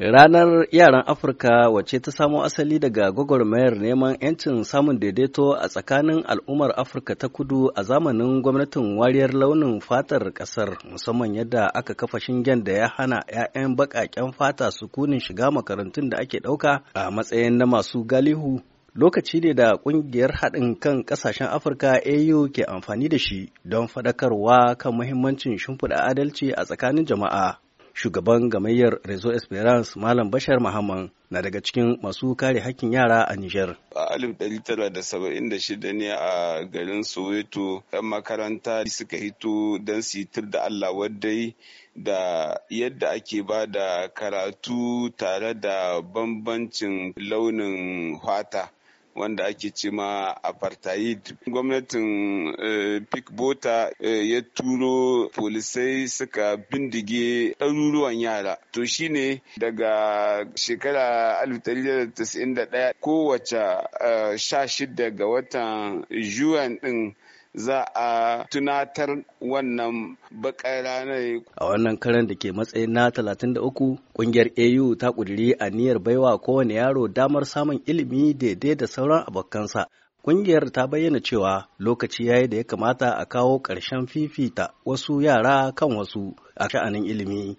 Ranar yaran Afirka wace ta samo asali daga gwagwarmayar neman 'yancin samun daidaito a tsakanin al'ummar Afirka ta kudu a zamanin gwamnatin wariyar launin fatar Kasar, musamman yadda aka kafa shingen da ya hana 'ya'yan baƙaƙen fata su kunin shiga makarantun da ake ɗauka a matsayin na masu galihu lokaci ne da kungiyar haɗin kan ƙasashen afirka au ke amfani da shi don faɗakarwa kan muhimmancin shimfiɗa adalci a tsakanin jama'a shugaban gamayyar Rezo Esperance Malam Bashar Muhammad na daga cikin masu kare hakkin yara a Nijar. A alif ɗari shida ne a garin Soweto 'yan makaranta suka hito don sitir da Allah wadai da yadda ake ba da karatu tare da bambancin launin fata. wanda ake ce ma apartheid gwamnatin eh, Pickbota eh, ya turo polisai suka bindige ɗaruruwan yara to shine daga shekara 1991 kowace 16 eh, ga watan juan din za a tunatar wannan bakar ranar. A wannan karan da ke matsayin na 33 kungiyar AU ta kuduri niyyar baiwa kowane yaro damar samun ilimi daidai da sauran abokansa. Kungiyar ta bayyana cewa lokaci yayi da ya kamata a kawo ƙarshen fifita wasu yara kan wasu a sha'anin ilimi.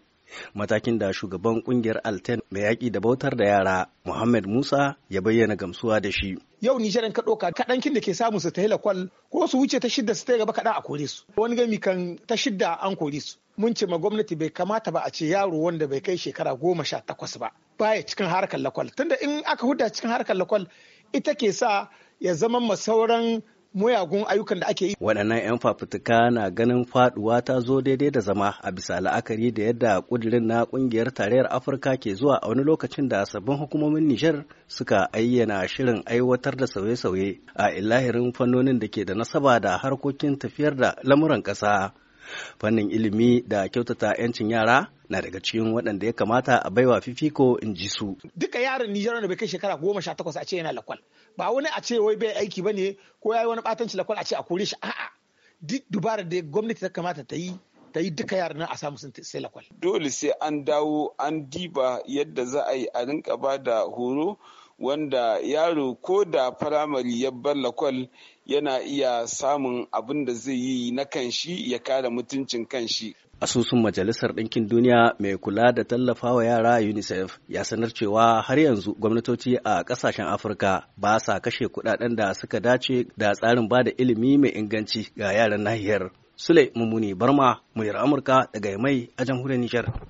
matakin da shugaban kungiyar alten mai yaƙi da bautar da yara muhammad musa ya bayyana gamsuwa da shi yau nijar ka ɗauka kaɗankin da ke samu su ta kwal ko su wuce ta shidda su ta gaba kaɗan a kore su wani gami kan ta shidda an kore su mun ce ma gwamnati bai kamata ba a ce yaro wanda bai kai shekara goma sha takwas ba baya cikin harkar lakwal tunda in aka huda cikin harkar lakwal ita ke sa ya zama ma sauran muyagun ayyukan da ake yi. Waɗannan 'yan fafutuka na ganin faduwa ta zo daidai da zama a bisa la'akari da yadda ƙudirin na ƙungiyar tarayyar Afirka ke zuwa a wani lokacin da sabbin hukumomin Nijar suka ayyana shirin aiwatar da sauye-sauye a ilahirin fannonin da ke da nasaba da harkokin tafiyar da lamuran ƙasa. Fannin ilimi da kyautata 'yancin yara na daga cikin waɗanda ya kamata a baiwa fifiko in ji su. Duka yaron Nijar da bai kai shekara goma sha takwas a ce yana lakwal. Ba wani a ce wai bai aiki ba ne ko ya yi wani ɓatanci lakwal a ce a kore shi a'a. Duk dubarar da gwamnati ta kamata ta yi ta yi duka yaran nan a samu sun sai lakwal. Dole sai an dawo an diba yadda za a yi a rinka ba da horo wanda yaro ko da firamare ya balla kwal, yana iya samun abin da zai yi na kanshi ya kare mutuncin kanshi. Asusun Majalisar Ɗinkin Duniya mai kula da tallafawa yara UNICEF ya sanar cewa har yanzu gwamnatoci a ƙasashen Afirka ba sa kashe kuɗaɗen da suka dace da tsarin ba da ilimi mai inganci ga yaran nahiyar. Sule Mummuni Barma, muyar Amurka daga mai a jamhuriyar Nijar.